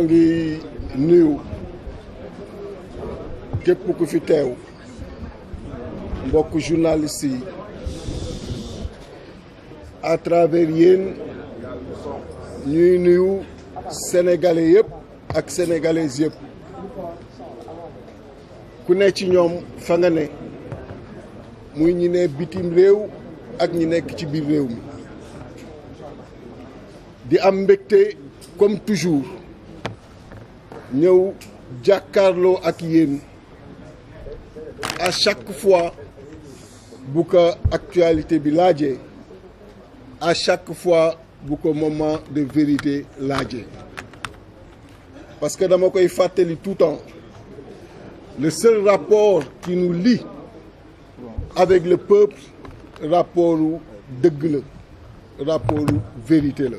ngi nuyu képp ku fi teew mbokk journaliste yi à travers yéen ñuy nuyu sénégalais yëpp ak sénégalaises yëpp ku ne ci ñoom fa nga ne muy ñi ne bitim réew ak ñi nekk ci biir réew mi di am mbégte comme toujours ñëw jàkkaarloo ak yéen à chaque fois bu ko actualité bi laajee à chaque fois bu ko moment de vérité laajee parce que dama koy fàttali tout temps le seul rapport qui nous li avec le peuple rapportu dëgg la rapportu vérité la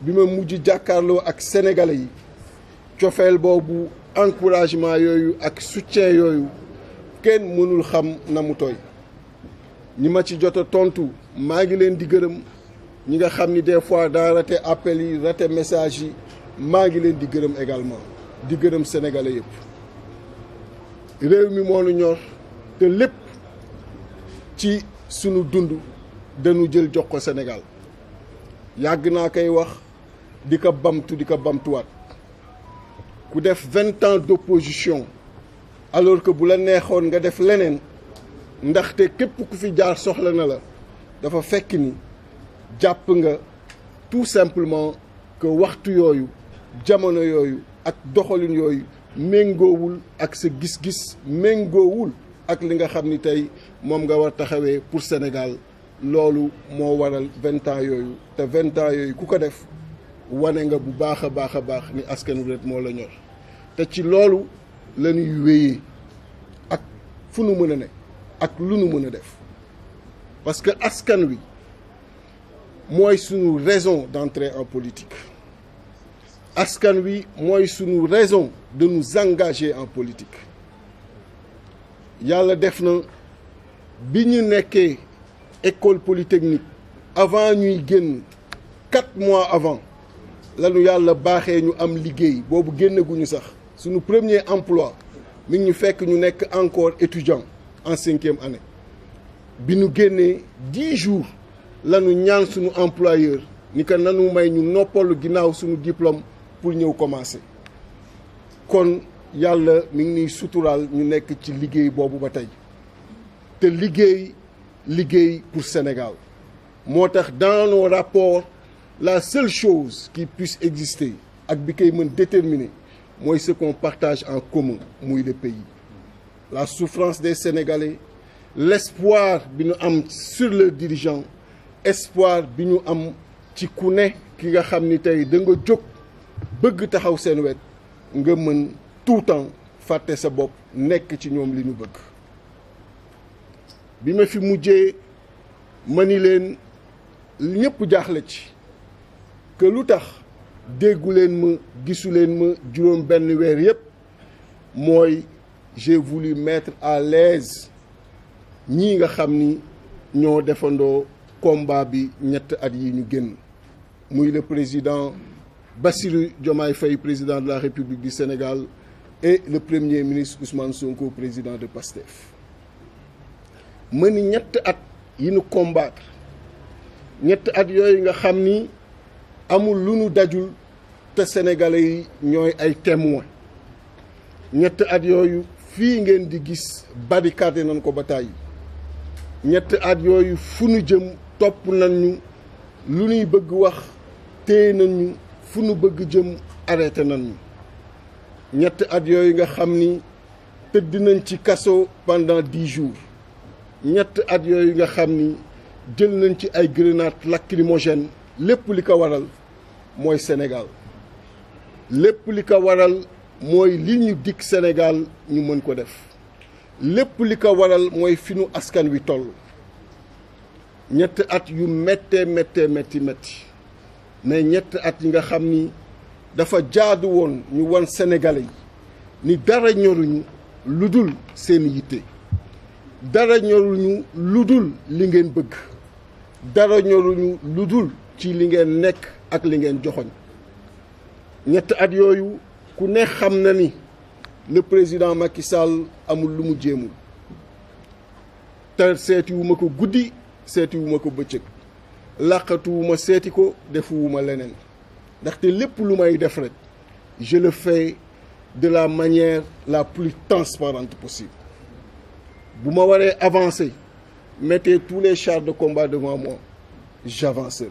Bime mouji Jakarlo ak Senegalayi Tofel bo bu Enkourajman yoyou ak soutyen yoyou Ken mounou l kham namoutoy Nima chi jote tontou Magilin digerim Niga kham ni defwa Dan rate apeli, rate mesaji Magilin digerim egalman Digerim Senegalayip Rev mi mounou nyor Te lip Ti sunu dundu Den nou jel djokwa Senegal Yag nan kay wak 20 ku ans d'opposition alors que bu la neexoon nga def pour ku fi jaar soxla na la dafa nga tout simplement que waxtu yoyu jamono yoyu ak doxalin ak gis-gis mengowul ak li nga xamni tay nga war pour Sénégal lolu mo waral vingt ans 20 ans yoyu ku def wane nga bu baax a baax ni askan wi rek moo la ñor te ci loolu la ñuy wéyee ak fu nu mën a ne ak lu nu mën a def parce que askan wi mooy sunu raison d'entrer en politique askan wi mooy sunu raison de nous engager en politique yàlla def na bi ñu nekkee école polytechnique avant ñuy génn quatre mois avant nous yalla baxé ñu am bobu génné guñu sax suñu premier emploi mi ñu fekk ñu nekk encore étudiant en cinquième année bi ñu génnee dix jours nous ñaan suñu employeur ni ka nanu may ñu noppalu ginaaw suñu diplôme pour ñeu commencer kon yalla mi ngi sutural ñu nekk ci liguey bobu ba tay te liguey liguey pour Sénégal motax dans nos rapports la seule chose qui puisse exister ak qui peut mën déterminer c'est ce qu'on partage en commun muy le pays la souffrance des Sénégalais l'espoir sur le dirigeant espoir qui connaît qui ci ku ne ki nga xam ni tey nga le tout temps fàtte sa bopp nekk ci ñoom li ñu bëgg bi fi mujjee ma que l'outar tax déggu leen ma gisu ma j'ai voulu mettre à l'aise ni nga xamni ni ñoo combat bi ñett at yi ñu genn le président Bassirou Diomaye Faye président de la République du Sénégal et le premier ministre Ousmane Sonko président de PASTEF ma ni ñett at yi ñu combattre ñett at yoy nga xamni amul lu nu dajul te sénégalais yi ñooy ay témoin ñett at yooyu fii ngeen di gis barricade nañ ko ba tàyyi ñett at yooyu fu nu jëm topp nañ ñu lu nuy bëgg wax téye nañ ñu fu nu bëgg jëm arrêté nañ ñu ñett at yooyu nga xam ni tëdd nañ ci kaso pendant di jours ñett at yooyu nga xam ni jël nañ ci ay grenades lacrymogènes lépp li ko waral mooy Sénégal lépp li ko waral mooy li ñu dikk senegal ñu mën ko def lépp li ko waral mooy fi nu askan wi toll ñetti at yu méttee méttee métti metti mais ñetti at yi nga xam ni dafa jaadu woon ñu wan Sénégalais yi ni dara ñoruñu lu dul seen yitte dara ñoruñu lu dul li ngeen bëgg dara ñoruñu lu dul ci li ngeen nekk ak li ngeen joxoñ ñett at yooyu ku ne xam na ni le président Macky Sall amul lu mu jéemul te seetiwuma ko guddi seetiwuma ko bëccëg làqatuwuma seeti ko defuwuma leneen ndaxte lépp lu may def rek je le fais de la manière la plus transparente possible bu ma waree avancer mettez tous les chars de combat devant moi j'avancerai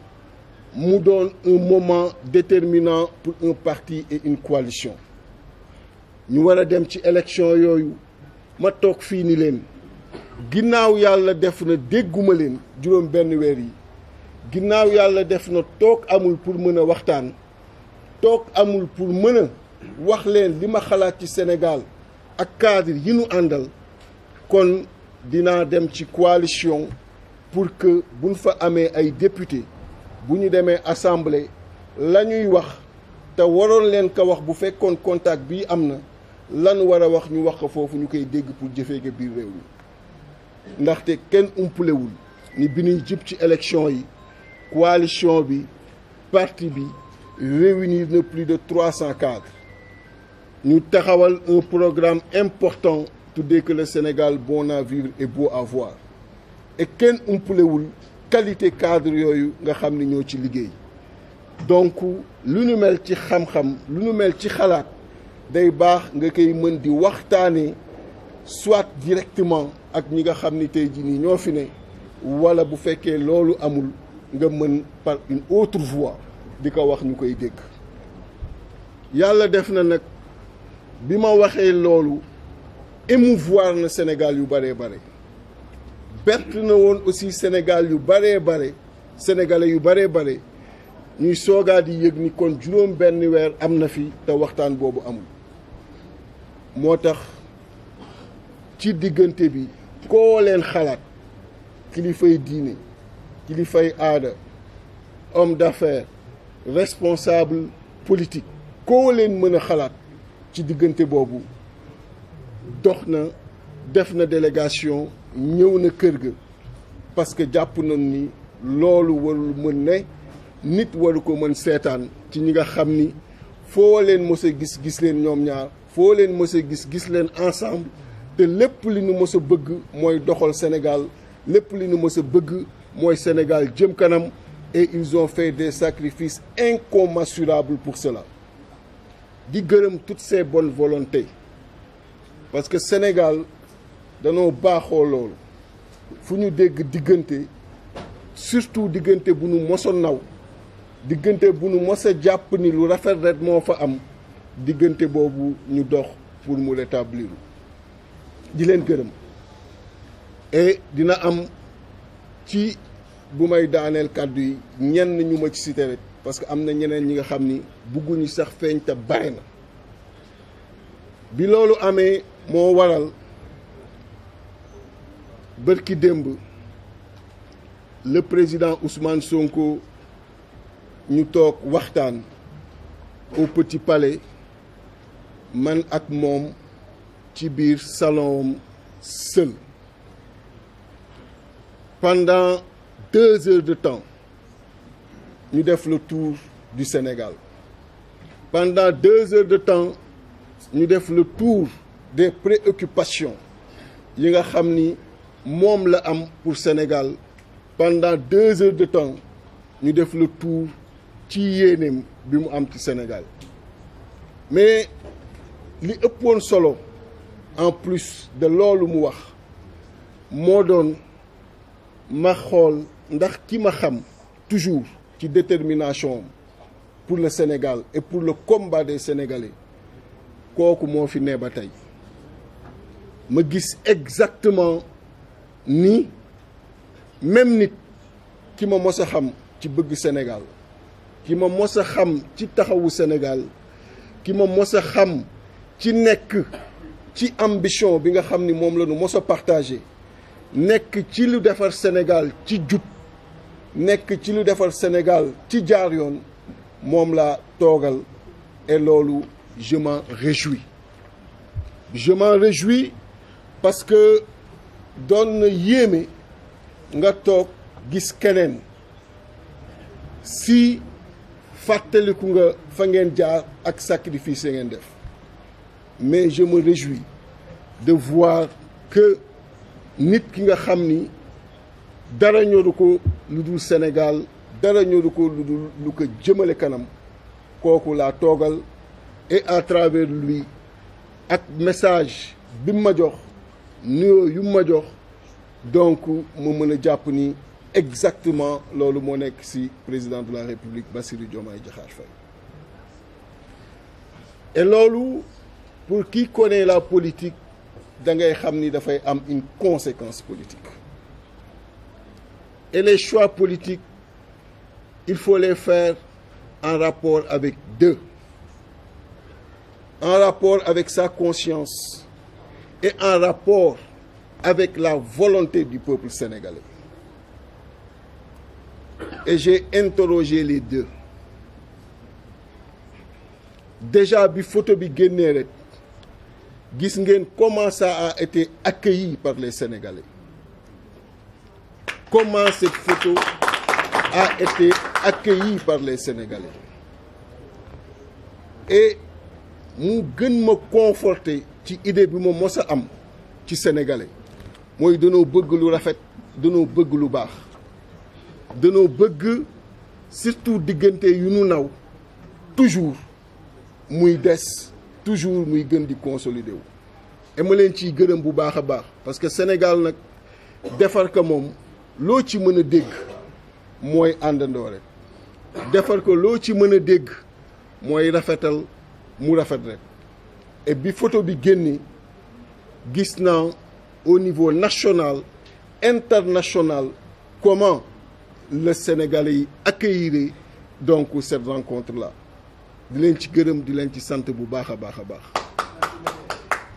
mou don un moment determinant pou un parti e un koalisyon. Nou wana dem ti eleksyon yoyou, ma tok fi ni len. Ginna ou yal la defne degoume len, joun ben nweri. Ginna ou yal la defne tok amoul pou mene wakhtan, tok amoul pou mene wak len li ma khala ki Senegal ak kadir yinou andal kon dinan dem ti koalisyon pou ke bou nfa ame ay deputey bu ñu assemblée lañuy wax té waron leen ko wax bu fekkoon contact bi amna, na lan war wax ñu wax ko foofu dégg pour jëfee ga biir réew ndax té kenn umpulewul ni bi jip ci élection yi coalition bi parti bi réunir ne plus de 300 cadres ñu taxawal un programme important tuddee que le Sénégal bon à vivre et beau à voir et kenn umpulewul qualité cadre yoyu nga xamni ni ñoo ci liggéey donc lu nu mel ci xam-xam lu nu mel ci xalaat day baax nga koy mën di waxtaanee soit directement ak ñi nga xam ni tey ñoo fi ne wala bu fekkee loolu amul nga mën par une autre voie di ko wax ñu koy dégg yàlla def na nag bi ma waxee loolu émouvoir na Sénégal yu bare bare perte nous a aussi Sénégal yu baré baré, sénégalais yu baré baré, ñuy soga di yegni kon juroom benn ta amna fi waxtaan bobu amul motax ci digënté bi ko leen homme d'affaires responsable politique ko leen ci délégation ñëw na kër ga parce que jàpp nañ ni loolu warul mën ne nit waru ko mën seetaan ci ñi nga xam ni foo leen mës a gis gis leen ñoom ñaar foo leen mës a gis gis leen ensemble te lépp li ñu mës a bëgg mooy doxal Sénégal lépp li ñu mës a bëgg mooy Sénégal jëm kanam et ils ont fait des sacrifices incommensurables pour cela di gërëm toutes ces bonnes volontés parce que Sénégal danoo baaxoo loolu fu ñu dégg diggante surtout diggante bu nu mos naw diggante bu nu mos jàpp ni lu rafet rek moo fa am diggante boobu ñu dox pour mu rétablir di leen gërëm et dina am ci bu may daaneel kàddu yi ñenn ñu ma ci cité rek parce que am na ñeneen ñi nga xam ni bugguñu sax feeñ te bare na bi loolu amee moo waral le président Ousmane Sonko nous tok au Petit Palais man ak Tibir, Salom, seul pendant deux heures de temps nous fait le tour du Sénégal pendant deux heures de temps nous fait le tour des préoccupations mom la am pour Sénégal pendant deux heures de temps nous avons fait le tour ci yéeneem bi mu am Sénégal mais li ëppoon solo en plus de lolu mu wax mo don ma xol ndax ki ma xam toujours ci détermination pour le Sénégal et pour le combat des Sénégalais Je suis fi ne ba tay ma gis exactement ni même nit ki ma mossa xam ci bëgg Sénégal ki ma mossa xam ci taxawu Sénégal ki ma mossa xam ci nek ci ambition bi nga xam ni mom la nu partagé ci lu défar Sénégal ci jub nek ci lu défar Sénégal ci jaar yoon mom et lolu je m'en réjouis je m'en réjouis parce que donne na yéeme nga gis si fatel nga fa ngeen jaar ak sacrifice ngeen def mais je me réjouis de voir que nit ki nga xamni dara ñoru ko Sénégal dara ñoru ko lu lu ko jëmele kanam koku la togal et à travers lui ak message bima jox nous, yu ma jox donc nous sommes les ni exactement lolu mo nek ci président de la république Bassirou Diomaye Diakhar Faye et lolu pour qui connaît la politique da ngay xam ni am une conséquence politique et les choix politiques il faut les faire en rapport avec deux en rapport avec sa conscience et en rapport avec la volonté du peuple sénégalais. Et j'ai interrogé les deux. Déjà, la photo bi comment ça a été accueilli par les Sénégalais. Comment cette photo a été accueillie par les Sénégalais. Et nous me ma conforter ci idée bi mom mos a am ci sénégalais moy danoo bëgg lu rafet danoo bëgg lu bax danoo bëgg surtout diggante yu ñu naw toujours muy dess toujours muy gën di consolider wu et ma leen ci gërëm bu baaxa baax parce que Sénégal nak défar ko mom lo ci mëna a dégg mooy àndandoo rek defar ko loo ci mëna a dégg mooy rafetal mu rafet rek et bi photo bi génni gis au niveau national international comment le Sénégalais accueillirait donc cette rencontre là di len ci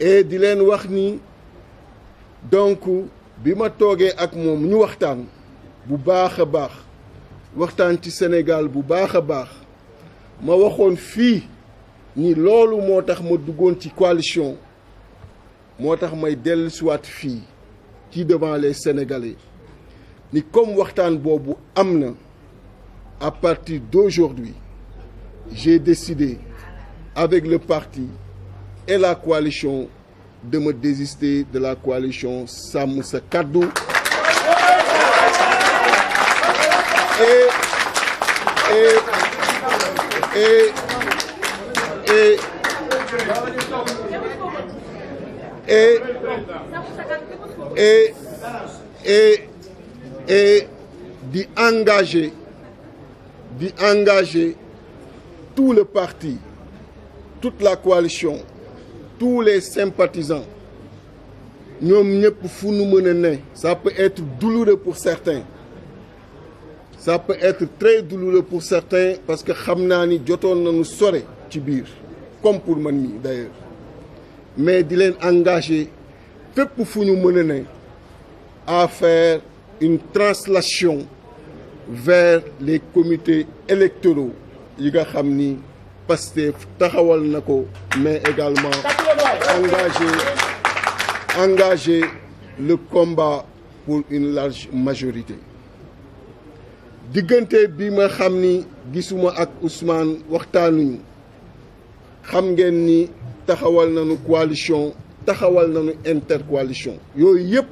et di wax ni donc ak ñu waxtaan bu baax Sénégal baax ma ni lolo motax ma dugon ci coalition motax may dellu soit ci devant les Sénégalais ni comme waxtan bobu amna à partir d'aujourd'hui j'ai décidé avec le parti et la coalition de me désister de la coalition Sàmm et et et, et, et, et, d'y engager, tout le parti, toute la coalition, tous les sympathisants. Ça peut être douloureux pour certains. Ça peut être très douloureux pour certains parce que savons que nous saurait Tibir comme pour moi d'ailleurs mais il est engagé peu pour nous mener à faire une translation vers les comités électoraux yi nga xam Pastef taxawal Nako, mais également engagé engagé le combat pour une large majorité Digante bi ma gisuma ak Ousmane Kham gen ni ta kawal nan nou koalisyon, ta kawal nan nou inter-koalisyon. Yo yip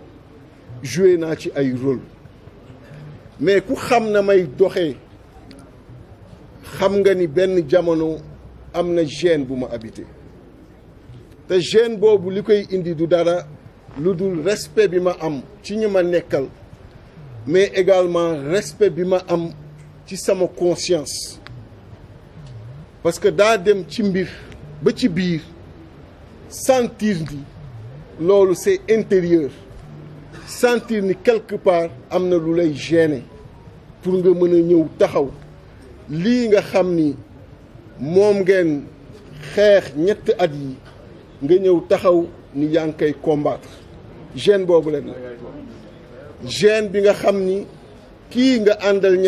jwe nan ti ay rol. Me kou kham nan may doke, kham gen ni ben di jamon nou, amne jen pou ma abite. Te jen bo pou li kwe yi indi doudara, loudou respet bi ma am ti nye man nekal. Me egalman respet bi ma am ti samo konsyansi. parce que dem ci ba ci sentir ni c'est intérieur sentir ni quelque part pour nga taxaw li nga xamni ni ngeen xex at nga ñëw taxaw ni combattre gêne ne len gêne bi nga xamni ki nga andal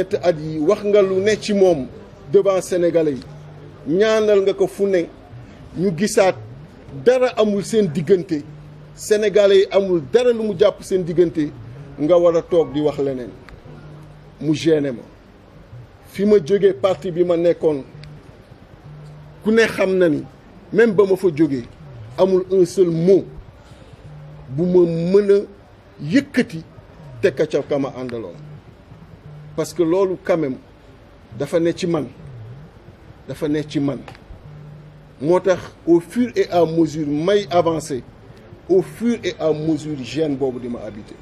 devant sénégalais ñaanal nga ko fu ne ñu gisaat dara amul seen diggante sénégalais yi amul dara lu mu jàpp seen diggante nga war a toog di wax leneen mu gêné ma fi ma jógee parti bi ma nekkoon ku ne xam na ni même ba ma fa jóge amul un seul bu ma mën a yëkkati tekka ca ma àndaloon parce que loolu quand dafa ne ci man d'affaires ne ci man au fur et à mesure may avancer au fur et à mesure gêne boobu di ma habité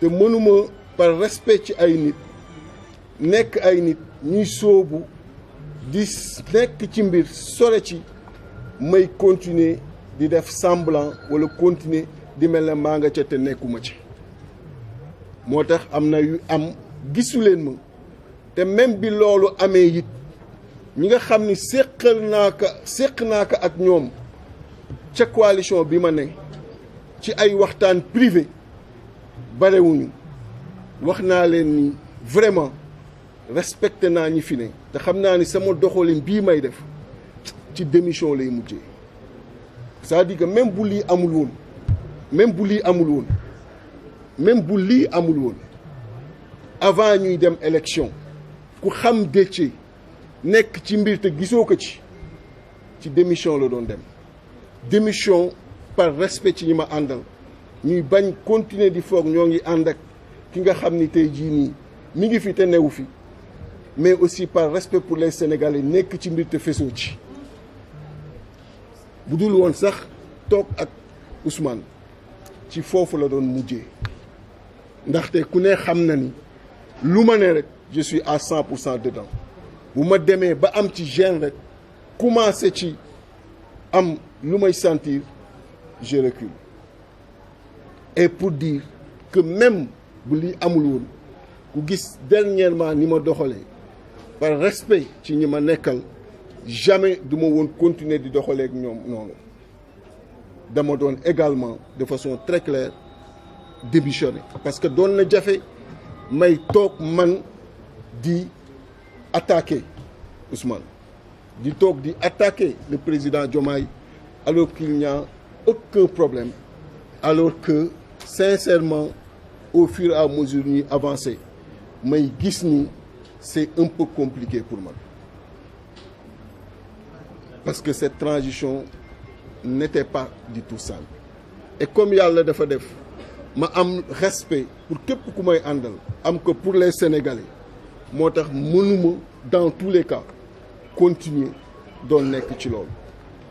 te mënuma par respect ci ay nit nekk ay nit ñuy sóobu di nekk ci mbir sore ci may continuer di def semblant wala continuer di mel ne manga nga ca te nekkuma ci moo tax am yu am gisuleen ma te même bi loolu amee it ñi nga xam ni séqal naa ko séq naa ko ak ñoom ca coalition bi ma ne ci ay waxtaan privé barewuñu wax naa leen ni vraiment respecté naa ñi fi ne te xam naa ni sama doxalin bii may def ci démission lay mujjee c'est-à-dire même bu lii amul woon même bu lii amul woon même bu lii amul woon avant ñuy dem élection ku xam Déthié nek ci mbir te gisoo ko ci ci démission la doon dem démission par respect ci ñima ma ñuy bañ continuer di foog ñoo andak ki nga xamni tay ji ni mi ngi fi te fi mais aussi par respect pour les sénégalais nek ci mbir te fesoo ci budul won sax tok ak Ousmane ci fofu la doon ndax té ku né xam na ni luma né rek je suis à 100% dedans bu ma ba am ci gêne rek ci am lumay je recule et pour dire que même bu li amul won dernièrement ni ma par respect ci ne nekkal jamais duma won de continuer di ak également de façon très claire démissionner parce que je na jafé may tok man di attaquer Ousmane Du toc di attaquer le président Diomaye alors qu'il n'y a aucun problème alors que sincèrement au fur et à mesure qu'il avance, mais c'est un peu compliqué pour moi. parce que cette transition n'était pas du tout simple et comme il dafa def ma am respect pour que ku que am pour les Sénégalais motax tax mënuma dans tous les cas continuer don nek ci lool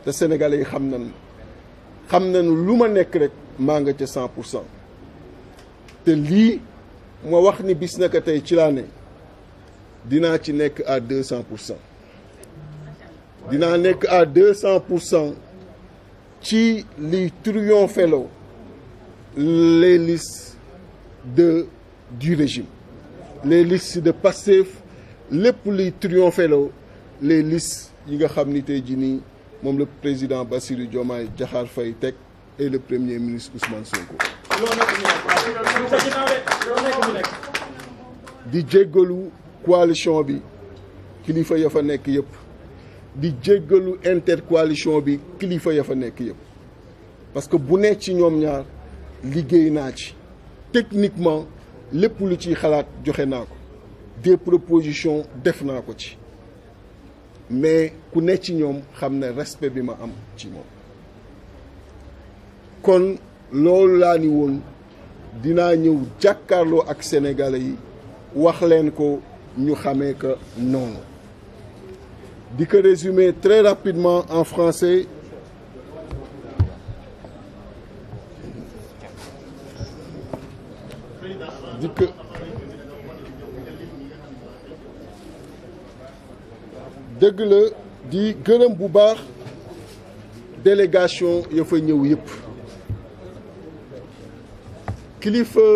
te sénégalais yi xam nañu xam nañu lu ma rek maa nga ci 100% te li ma wax ni bis na tay ci la né dina ci nek à 200%. dina nek à 200% ci li triompheloo les listes de du régime les listes de passifs les luy triompher les listes yi nga xam ni tey le président Bassirou Diomaye jahar Faitek et le premier ministre Ousmane Sonko. di jéggalu coalition bi kilifa ya fa nekk yëpp di jéggalu intercoalition bi kilifa ya fa nekk yëpp parce que bu nekk ci ñoom ñaar techniquement les lu ciy xalaat des propositions def ko mais ku ne ci ñom xam respect bi ma am ci moom kon loolu la ni won dina ñew jakarlo ak sénégalais yi wax len ko ñu xamé que non di que résumer très rapidement en français dikk le di gërëm bu délégation il faut ñëw yëpp kilifa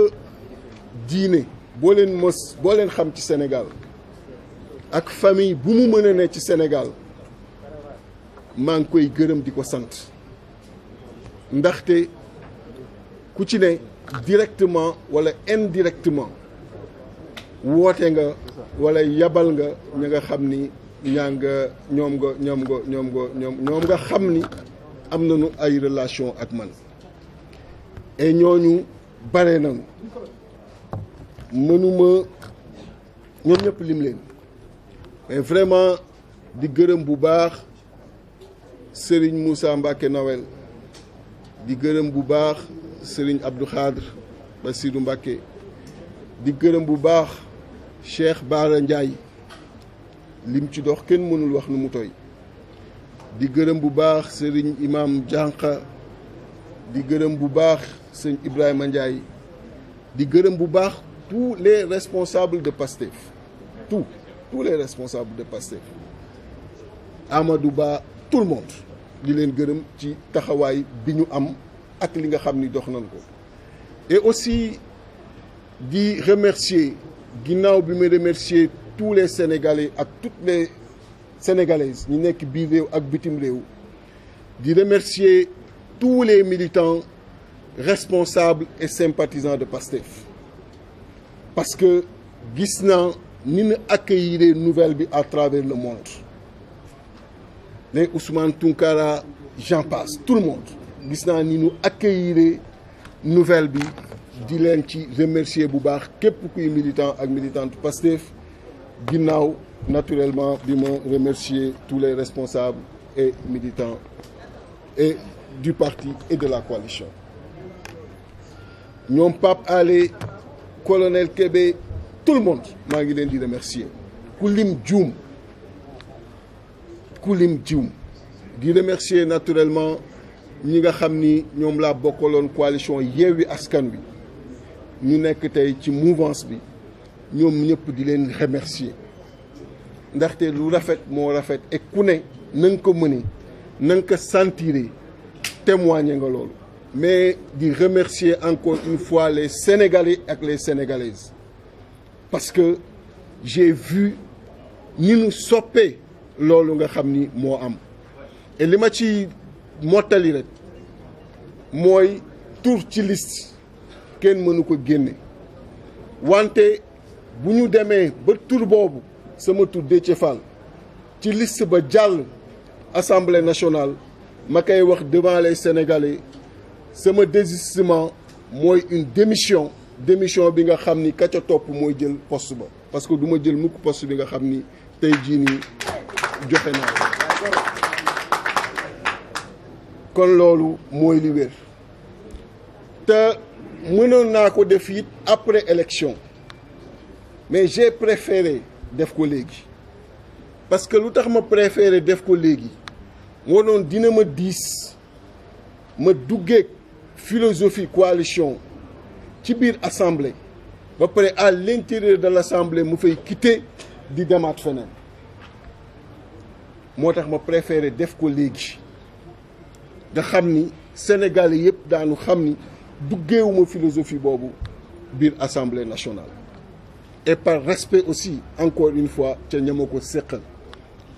diine boo leen mës boo leen Sénégal ak famille bu mu mën ci Sénégal maa ngi koy gërëm di sante sant ndaxte ku ci né directement ou indirectement woote nga wala yabal nga nga nga ñom nga nga nga ay relation ak man et ñooñu bare nañu lim mais vraiment di gëreum bu baax Serigne Moussa Mbacké Noël di bu Serigne Abdou Khadr Bassirou Mbake di gërëm bu baax Cheikh Bara Ndiaye lim ci dox kenn mënul wax nu mu toy di bu Imam Djanka, di gërëm bu baax Serigne Ibrahima Ndiaye di gërëm bu tous les responsables de PASTEF tous tous les responsables de PASTEF Amadou tout le monde di leen gërëm ci taxaway biñu am et aussi di remercier remercier tous les sénégalais à toutes les sénégalaises ñi nekk et ak remercier tous les militants responsables et sympathisants de PASTEF parce que Nous nous ni ñu nouvelles à travers le monde Ousmane Tunkara, j'en passe tout le monde nous naa ni nouvelle bi di qui ci remercier bu baax militants kuy militant ak militante Pastef naturellement bi remercier tous les responsables et militants et du parti et de la coalition ñom Pape Alé colonel Kébé tout le monde maa ngi di remercier Koulim lim Koulim remercier naturellement ñi nga xamni ñom la laa coalition yewi Askan bi ñu nekk tay ci mouvance bi ñom ñep di leen remercier ndax té lu rafet mo rafet et ku ne na ko mëne na ko sentiré témoigner nga lool mais di remercier encore une fois les Sénégalais ak les Sénégalaises parce que j'ai vu ñi nous soppé loolu nga xamni mo am et li ma ci mottali rek moy tour ci liste kenn mënu ko génne wanté buñu démé ba tour bobu sama tur Déthié Fall ci liste ba jàll assemblée nationale makay wax devant les sénégalais sama désistement moy une démission démission bi nga xamni ni ka ca topp mooy jël poste ba parce que duma jël mukk poste bi nga xam ni tey jii nii kon loolu mooy li wér te mënoon naa ko def it après élection mais j'ai préféré def ko léegi parce que lu tax ma préféré def ko léegi moo doon dina ma diis ma duggeeg philosophie coalition ci biir assemblée ba pare à l'intérieur de l'assemblée mu fay quitter di demaat feneen moo tax ma préféré def ko léegi nga xam les sénégalais dans daanu xam ni la philosophie de l'Assemblée assemblée nationale et par respect aussi encore une fois nous ña ma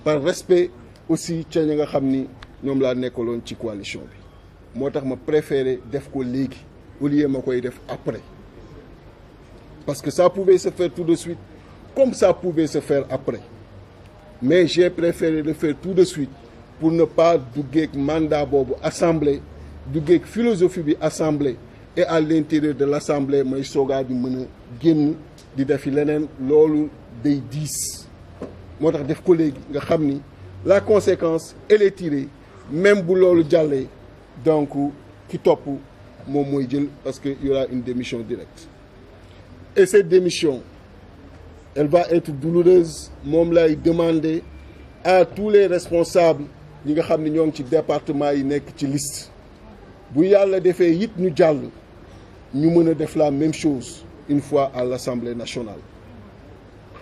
par respect aussi je avons nga xam ni ñoom ci coalition bi moo ma def ko au lieu ma après parce que ça pouvait se faire tout de suite comme ça pouvait se faire après mais j'ai préféré le faire tout de suite pour ne pas douguer mandat l'Assemblée, assemblée la philosophie bi assemblée et à l'intérieur de l'assemblée moy soga di mën guen di def lenen loolu day 10 motax def ko nga xamni la conséquence elle est tirée même bu le jàllee donc ki top mom moy jël parce que il y aura une démission directe et cette démission elle va être douloureuse mom l'ai demander à tous les responsables ñi nga xamni ñong ci département yi nek ci liste bu yalla défé it ñu jàll ñu mëna a def la même chose une fois à l'Assemblée nationale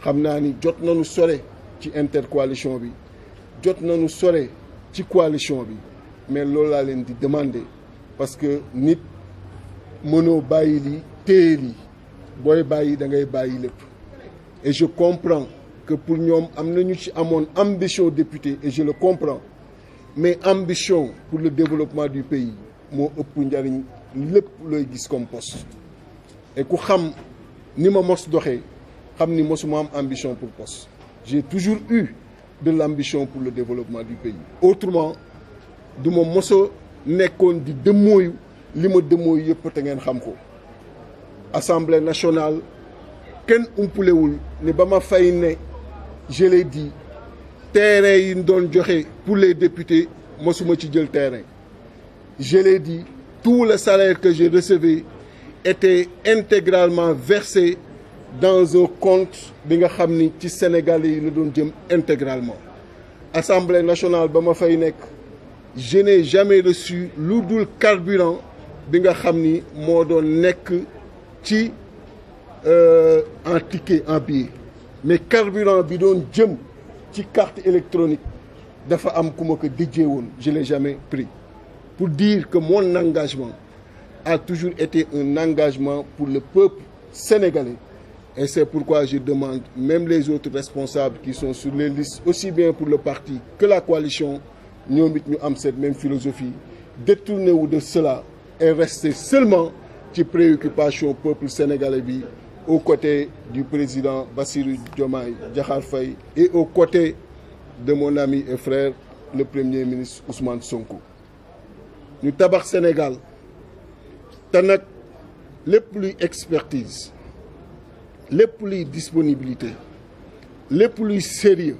xam ni jot nañu sore ci intercoalition bi jot nañu sore ci coalition bi mais lool la leen di demander parce que nit mono bàyyi li téye li booy bàyyi da ngay bàyyi lépp et je comprends que pour ñom am nañu ci amone ambition député et je le comprends mes ambitions pour le développement du pays mo ëpp ndariñ lepp loy gis comme poste et ku xam ni ma mos doxé xam ni mosuma am ambition pour poste j'ai toujours eu de l'ambition pour le développement du pays autrement je ma moso nekkoon di dëmmooyu lima ma dëmmooyu yëpp te ngeen xam ko assemblée nationale kenn umpulewul ne ba ma fay ne je l'ai dit terrain yi doon pour les députés mosuma ci jël terrain je l'ai dit tout le salaire que j'ai recevé était intégralement versé dans un compte bi nga ci Sénégalais yi la doon jëm intégralement Assemblée nationale ba fay je n'ai jamais reçu lu carburant bi nga xam ni doon ci euh, en ticket en billet mais carburant bi doon jëm carte électronique de am que je l'ai jamais pris pour dire que mon engagement a toujours été un engagement pour le peuple sénégalais et c'est pourquoi je demande même les autres responsables qui sont sur les listes aussi bien pour le parti que la coalition nous avons cette même philosophie détourner ou de cela et rester seulement qui préoccupation peuple sénégalais aux côtés du président Bassirou Diomaye Diakhar Faye et aux côtés de mon ami et frère, le Premier ministre Ousmane Sonko. le Tabac Sénégal te plus plus plus expertise les plus disponibilité les plus sérieux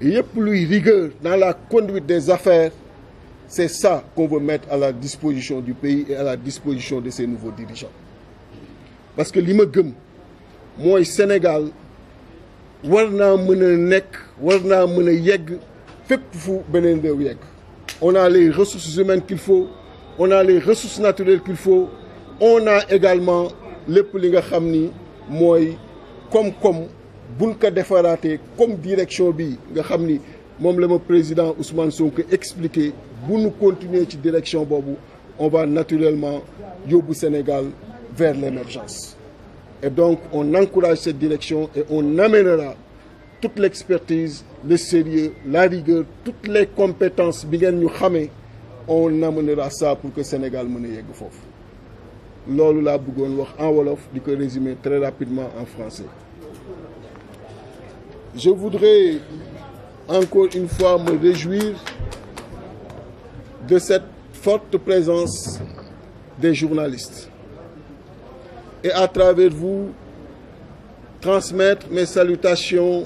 les plus rigueur dans la conduite des affaires c'est ça qu'on veut mettre à la disposition du pays et à la disposition de ses nouveaux dirigeants parce que li ma gëm moy Sénégal warna naa nek warna nekk yegg fep fu benen rew yegg on a les ressources humaines qu'il faut on a les ressources naturelles qu'il faut on a également les li nga xamni moy comme, comme buñ ko defaraatee comme direction bi nga xamni mom le président Ousmane Sonko expliqué bu continuer ci direction bobu on va naturellement au Sénégal vers l'émergence. Et donc, on encourage cette direction et on amènera toute l'expertise, le sérieux, la rigueur, toutes les compétences, on amènera ça pour que le Sénégal mène en wolof très rapidement en français je voudrais encore une fois me réjouir de cette forte présence des journalistes et à travers vous transmettre mes salutations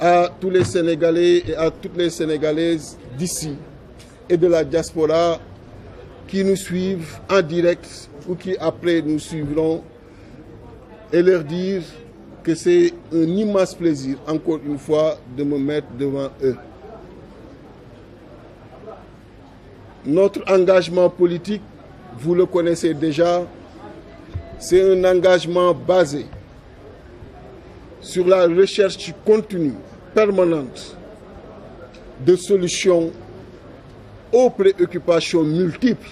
à tous les Sénégalais et à toutes les Sénégalaises d'ici et de la diaspora qui nous suivent en direct ou qui après nous suivront et leur dire que c'est un immense plaisir, encore une fois, de me mettre devant eux. Notre engagement politique, vous le connaissez déjà, c'est un engagement basé sur la recherche continue, permanente, de solutions aux préoccupations multiples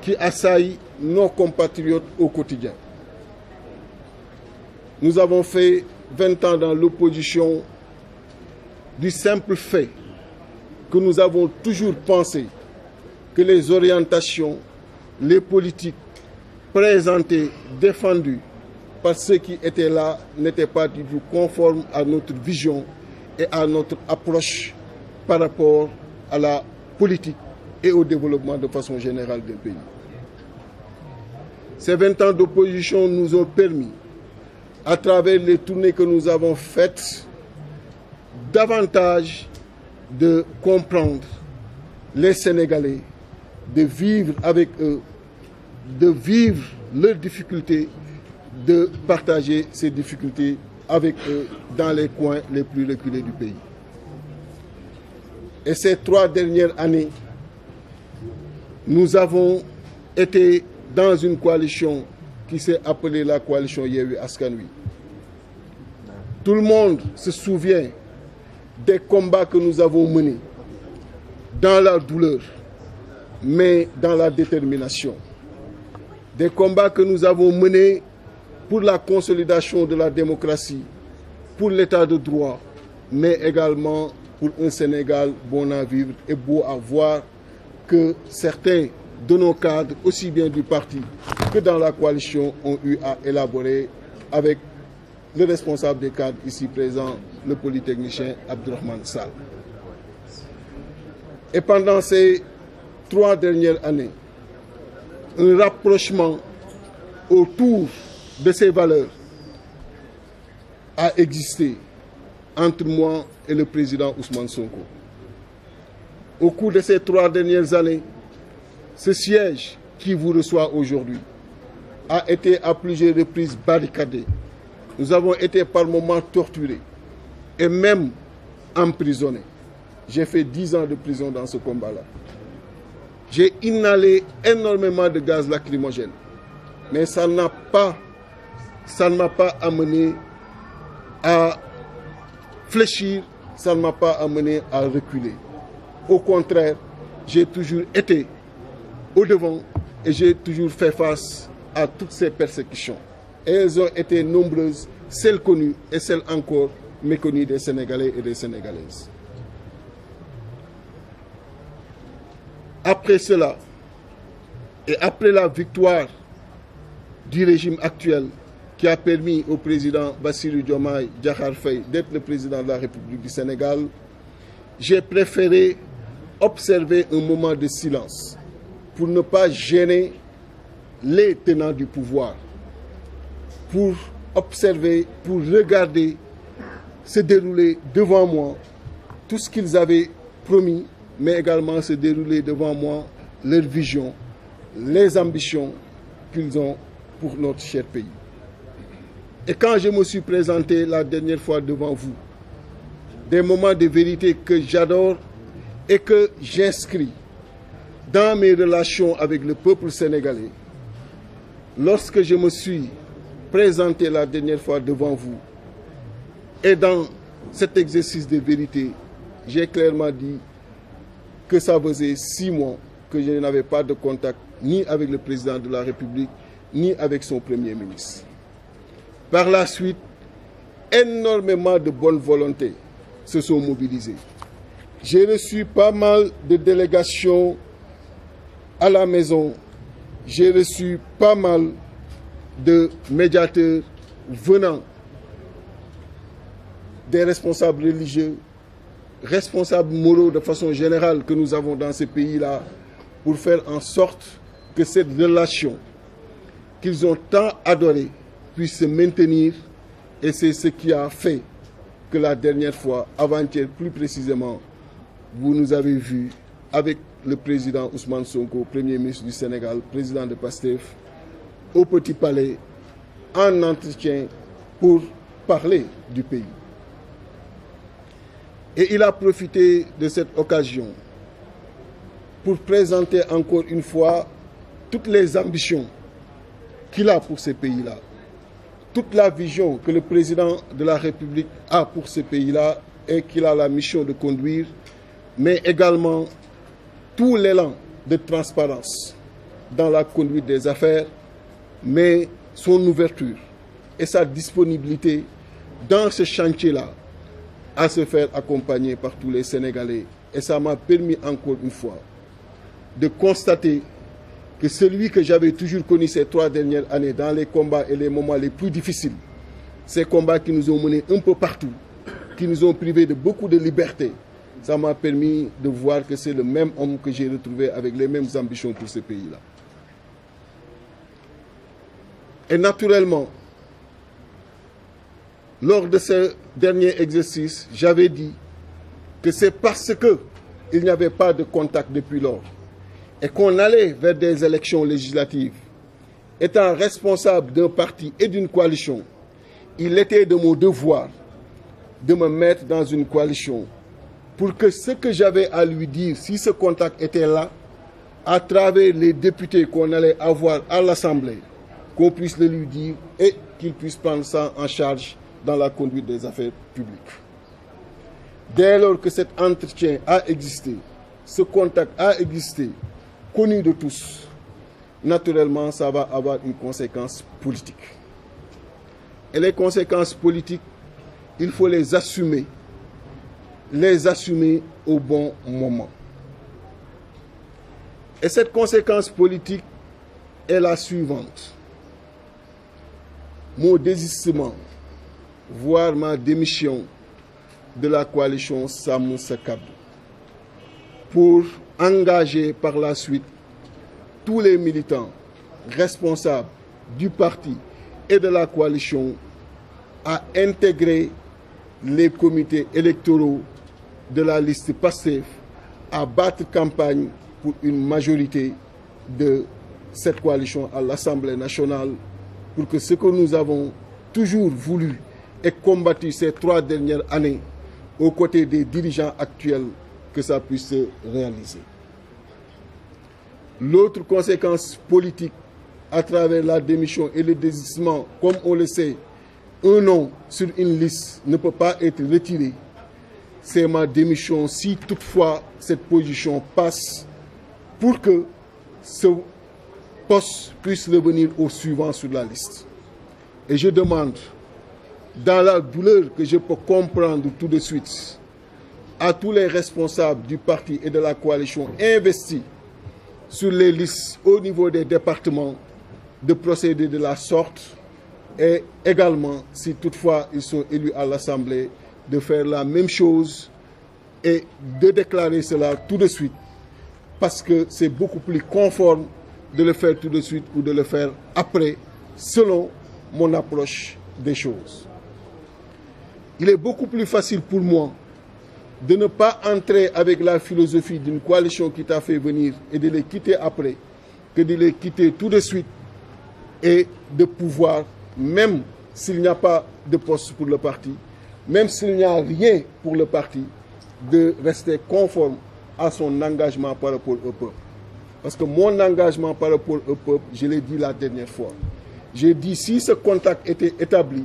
qui assaillent nos compatriotes au quotidien. Nous avons fait 20 ans dans l'opposition du simple fait que nous avons toujours pensé que les orientations, les politiques, présenté, défendu par ceux qui étaient là, n'était pas du tout conforme à notre vision et à notre approche par rapport à la politique et au développement de façon générale du pays. Ces 20 ans d'opposition nous ont permis, à travers les tournées que nous avons faites, davantage de comprendre les Sénégalais, de vivre avec eux de vivre leurs difficultés, de partager ces difficultés avec eux dans les coins les plus reculés du pays. Et ces trois dernières années, nous avons été dans une coalition qui s'est appelée la coalition Yewi Askanui. Tout le monde se souvient des combats que nous avons menés dans la douleur, mais dans la détermination des combats que nous avons menés pour la consolidation de la démocratie, pour l'état de droit, mais également pour un Sénégal bon à vivre et beau à voir que certains de nos cadres, aussi bien du parti que dans la coalition, ont eu à élaborer avec le responsable des cadres ici présent, le polytechnicien Abdurrahman Sal. Et pendant ces trois dernières années, un rapprochement autour de ces valeurs a existé entre moi et le président Ousmane Sonko. Au cours de ces trois dernières années, ce siège qui vous reçoit aujourd'hui a été à plusieurs reprises barricadé. Nous avons été par moments torturés et même emprisonnés. J'ai fait dix ans de prison dans ce combat-là. J'ai inhalé énormément de gaz lacrymogène. Mais ça n'a pas, ça ne m'a pas amené à fléchir, ça ne m'a pas amené à reculer. Au contraire, j'ai toujours été au devant et j'ai toujours fait face à toutes ces persécutions. elles ont été nombreuses, celles connues et celles encore méconnues des Sénégalais et des Sénégalaises. après cela, et après la victoire du régime actuel qui a permis au président Bassirou Diomaye Diakhar d'être le président de la République du Sénégal, j'ai préféré observer un moment de silence pour ne pas gêner les tenants du pouvoir, pour observer, pour regarder se dérouler devant moi tout ce qu'ils avaient promis mais également se dérouler devant moi leurs visions, les ambitions qu'ils ont pour notre cher pays. Et quand je me suis présenté la dernière fois devant vous, des moments de vérité que j'adore et que j'inscris dans mes relations avec le peuple sénégalais, lorsque je me suis présenté la dernière fois devant vous, et dans cet exercice de vérité, j'ai clairement dit que ça faisait six mois que je n'avais pas de contact ni avec le président de la République, ni avec son premier ministre. Par la suite, énormément de bonnes volontés se sont mobilisées. J'ai reçu pas mal de délégations à la maison. J'ai reçu pas mal de médiateurs venant des responsables religieux, responsables moraux de façon générale que nous avons dans ces pays-là pour faire en sorte que cette relation qu'ils ont tant adorée puisse se maintenir et c'est ce qui a fait que la dernière fois, avant-hier plus précisément, vous nous avez vus avec le président Ousmane Sonko, premier ministre du Sénégal, président de PASTEF, au Petit Palais, en entretien pour parler du pays. Et il a profité de cette occasion pour présenter encore une fois toutes les ambitions qu'il a pour ces pays-là, toute la vision que le président de la République a pour ce pays-là et qu'il a la mission de conduire, mais également tout l'élan de transparence dans la conduite des affaires, mais son ouverture et sa disponibilité dans ce chantier-là à se faire accompagner par tous les Sénégalais. Et ça m'a permis encore une fois de constater que celui que j'avais toujours connu ces trois dernières années dans les combats et les moments les plus difficiles, ces combats qui nous ont menés un peu partout, qui nous ont privés de beaucoup de liberté, ça m'a permis de voir que c'est le même homme que j'ai retrouvé avec les mêmes ambitions pour ce pays-là. Et naturellement, lors de ce dernier exercice, j'avais dit que c'est parce qu'il n'y avait pas de contact depuis lors et qu'on allait vers des élections législatives. Étant responsable d'un parti et d'une coalition, il était de mon devoir de me mettre dans une coalition pour que ce que j'avais à lui dire, si ce contact était là, à travers les députés qu'on allait avoir à l'Assemblée, qu'on puisse le lui dire et qu'il puisse prendre ça en charge dans la conduite des affaires publiques. Dès lors que cet entretien a existé, ce contact a existé, connu de tous, naturellement, ça va avoir une conséquence politique. Et les conséquences politiques, il faut les assumer, les assumer au bon moment. Et cette conséquence politique est la suivante. Mon désistement voire ma démission de la coalition Samo pour engager par la suite tous les militants responsables du parti et de la coalition à intégrer les comités électoraux de la liste passive à battre campagne pour une majorité de cette coalition à l'Assemblée nationale pour que ce que nous avons toujours voulu et combattu ces trois dernières années aux côtés des dirigeants actuels que ça puisse se réaliser. L'autre conséquence politique à travers la démission et le désistement, comme on le sait, un nom sur une liste ne peut pas être retiré. C'est ma démission si toutefois cette position passe pour que ce poste puisse revenir au suivant sur la liste. Et je demande dans la douleur que je peux comprendre tout de suite, à tous les responsables du parti et de la coalition investis sur les listes au niveau des départements de procéder de la sorte et également, si toutefois ils sont élus à l'Assemblée, de faire la même chose et de déclarer cela tout de suite parce que c'est beaucoup plus conforme de le faire tout de suite ou de le faire après, selon mon approche des choses il est beaucoup plus facile pour moi de ne pas entrer avec la philosophie d'une coalition qui t'a fait venir et de les quitter après que de les quitter tout de suite et de pouvoir, même s'il n'y a pas de poste pour le parti, même s'il n'y a rien pour le parti, de rester conforme à son engagement par rapport au peuple. Parce que mon engagement par rapport au peuple, je l'ai dit la dernière fois. J'ai dit si ce contact était établi,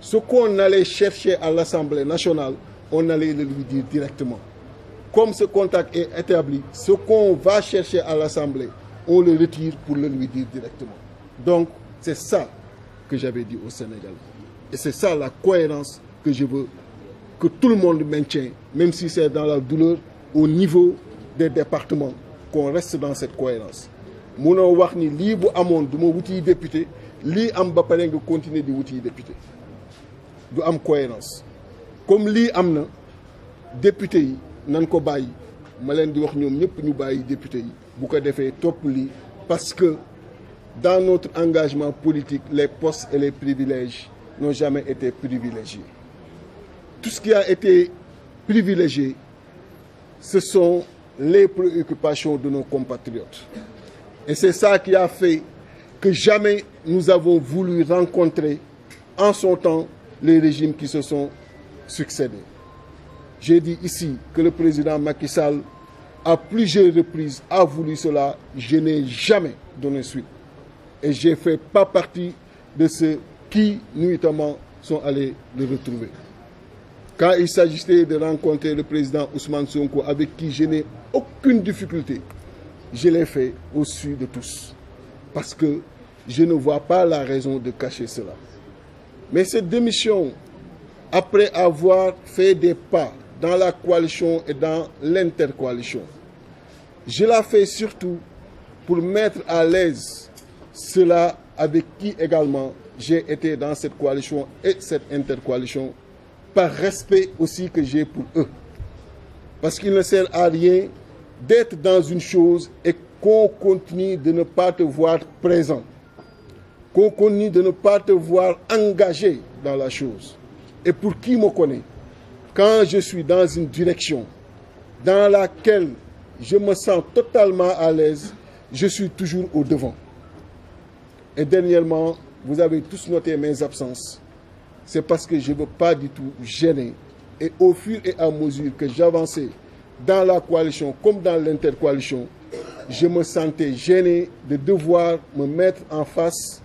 ce qu'on allait chercher à l'Assemblée nationale, on allait le lui dire directement. Comme ce contact est établi, ce qu'on va chercher à l'Assemblée, on le retire pour le lui dire directement. Donc, c'est ça que j'avais dit au Sénégal. Et c'est ça la cohérence que je veux que tout le monde maintienne, même si c'est dans la douleur, au niveau des départements, qu'on reste dans cette cohérence. Je wax ni monde bu mon du député Je am continuer à député du am cohérence comme li amna député yi nan ko bàyyi ma len di wax député parce que dans notre engagement politique les postes et les privilèges n'ont jamais été privilégiés tout ce qui a été privilégié ce sont les préoccupations de nos compatriotes et c'est ça qui a fait que jamais nous avons voulu rencontrer en son temps les régimes qui se sont succédés. J'ai dit ici que le président Macky Sall, à plusieurs reprises, a voulu cela. Je n'ai jamais donné suite. Et je ne fais pas partie de ceux qui, nuitamment, sont allés le retrouver. Quand il s'agissait de rencontrer le président Ousmane Sonko, avec qui je n'ai aucune difficulté, je l'ai fait au-dessus de tous. Parce que je ne vois pas la raison de cacher cela. Mais cette démission, après avoir fait des pas dans la coalition et dans l'intercoalition, je la fais surtout pour mettre à l'aise cela avec qui également j'ai été dans cette coalition et cette intercoalition, par respect aussi que j'ai pour eux. Parce qu'il ne sert à rien d'être dans une chose et qu'on continue de ne pas te voir présent qu'on connu de ne pas te voir engagé dans la chose. Et pour qui me connaît, quand je suis dans une direction dans laquelle je me sens totalement à l'aise, je suis toujours au devant. Et dernièrement, vous avez tous noté mes absences. C'est parce que je ne veux pas du tout gêner. Et au fur et à mesure que j'avançais dans la coalition comme dans l'intercoalition, je me sentais gêné de devoir me mettre en face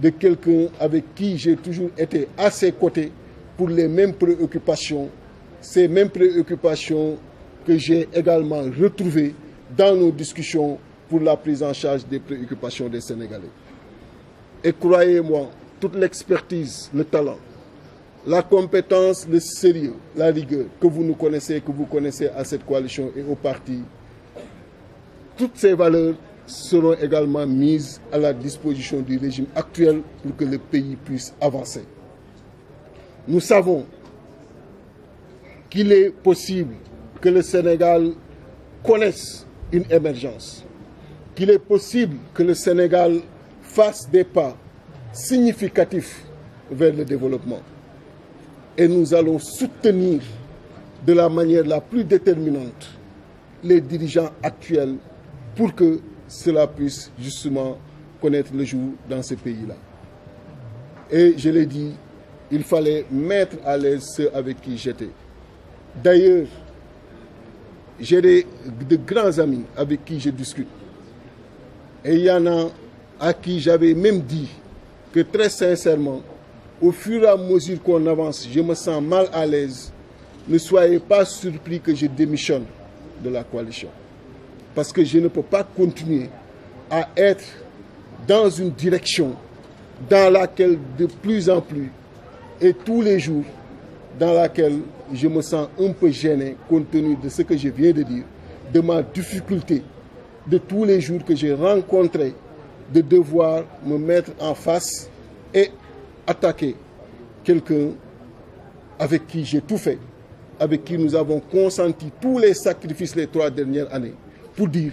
de quelqu'un avec qui j'ai toujours été à ses côtés pour les mêmes préoccupations, ces mêmes préoccupations que j'ai également retrouvées dans nos discussions pour la prise en charge des préoccupations des Sénégalais. Et croyez-moi, toute l'expertise, le talent, la compétence, le sérieux, la rigueur que vous nous connaissez, que vous connaissez à cette coalition et au parti, toutes ces valeurs seront également mises à la disposition du régime actuel pour que le pays puisse avancer. Nous savons qu'il est possible que le Sénégal connaisse une émergence, qu'il est possible que le Sénégal fasse des pas significatifs vers le développement. Et nous allons soutenir de la manière la plus déterminante les dirigeants actuels pour que cela puisse justement connaître le jour dans ce pays-là. Et je l'ai dit, il fallait mettre à l'aise ceux avec qui j'étais. D'ailleurs, j'ai de grands amis avec qui je discute. Et il y en a à qui j'avais même dit que très sincèrement, au fur et à mesure qu'on avance, je me sens mal à l'aise. Ne soyez pas surpris que je démissionne de la coalition parce que je ne peux pas continuer à être dans une direction dans laquelle de plus en plus et tous les jours, dans laquelle je me sens un peu gêné compte tenu de ce que je viens de dire, de ma difficulté, de tous les jours que j'ai rencontré, de devoir me mettre en face et attaquer quelqu'un avec qui j'ai tout fait, avec qui nous avons consenti tous les sacrifices les trois dernières années pour dire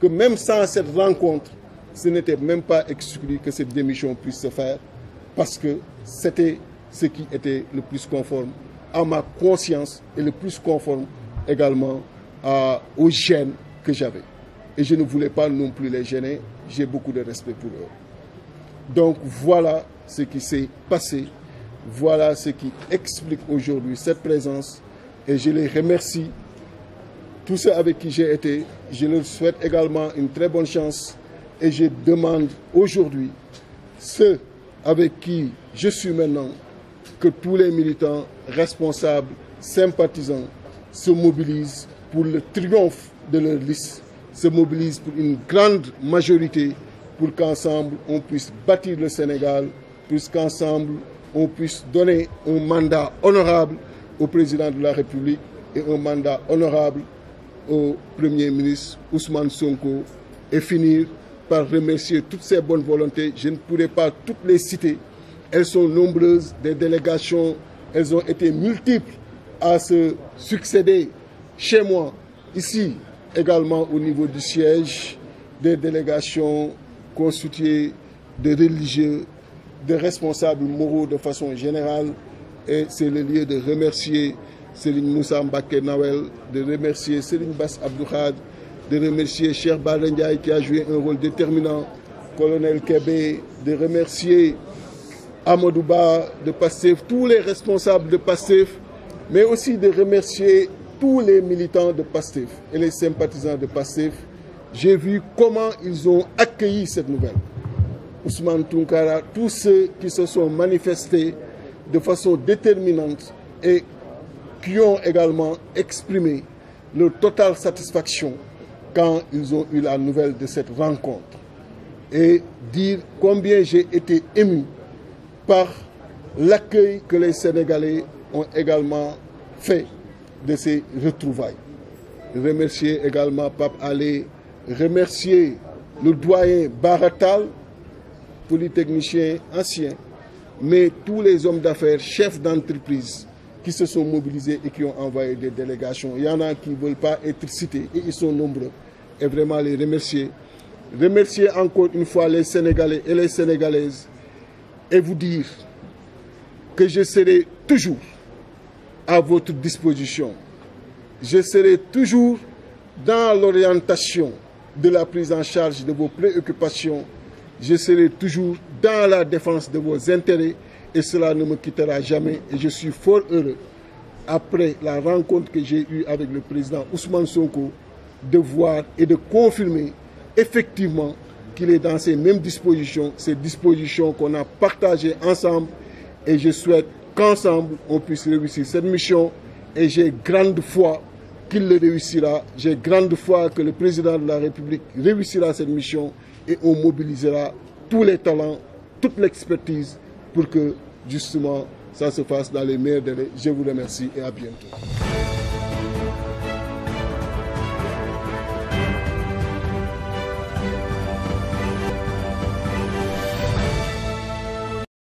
que même sans cette rencontre, ce n'était même pas exclu que cette démission puisse se faire parce que c'était ce qui était le plus conforme à ma conscience et le plus conforme également aux gènes que j'avais. Et je ne voulais pas non plus les gêner, j'ai beaucoup de respect pour eux. Donc voilà ce qui s'est passé, voilà ce qui explique aujourd'hui cette présence et je les remercie, tous ceux avec qui j'ai été, je leur souhaite également une très bonne chance et je demande aujourd'hui, ceux avec qui je suis maintenant, que tous les militants, responsables, sympathisants se mobilisent pour le triomphe de leur liste, se mobilisent pour une grande majorité pour qu'ensemble on puisse bâtir le Sénégal, puisqu'ensemble on puisse donner un mandat honorable au président de la République et un mandat honorable au Premier ministre Ousmane Sonko et finir par remercier toutes ces bonnes volontés. Je ne pourrais pas toutes les citer. Elles sont nombreuses, des délégations, elles ont été multiples à se succéder chez moi, ici également au niveau du siège, des délégations constituées de religieux, des responsables moraux de façon générale. Et c'est le lieu de remercier Céline Moussa mbaké Nawel, de remercier Céline Bass Abdoukhad, de remercier Cher Ndiaye qui a joué un rôle déterminant, Colonel Kébé, de remercier Amadouba de PASSEF, tous les responsables de PASSEF, mais aussi de remercier tous les militants de PASTEF et les sympathisants de PASTEF, j'ai vu comment ils ont accueilli cette nouvelle. Ousmane Tunkara, tous ceux qui se sont manifestés de façon déterminante et qui ont également exprimé leur totale satisfaction quand ils ont eu la nouvelle de cette rencontre et dire combien j'ai été ému par l'accueil que les Sénégalais ont également fait de ces retrouvailles. Remercier également Pape Allé, remercier le doyen Baratal, polytechnicien ancien, mais tous les hommes d'affaires, chefs d'entreprise, qui se sont mobilisés et qui ont envoyé des délégations. Il y en a qui ne veulent pas être cités et ils sont nombreux. Et vraiment les remercier. Remercier encore une fois les Sénégalais et les Sénégalaises et vous dire que je serai toujours à votre disposition. Je serai toujours dans l'orientation de la prise en charge de vos préoccupations. Je serai toujours dans la défense de vos intérêts et cela ne me quittera jamais. Et je suis fort heureux, après la rencontre que j'ai eue avec le président Ousmane Sonko, de voir et de confirmer effectivement qu'il est dans ces mêmes dispositions, ces dispositions qu'on a partagées ensemble. Et je souhaite qu'ensemble, on puisse réussir cette mission. Et j'ai grande foi qu'il le réussira. J'ai grande foi que le président de la République réussira cette mission et on mobilisera tous les talents, toute l'expertise pour que justement ça se fasse dans les meilleurs délais. Je vous remercie et à bientôt.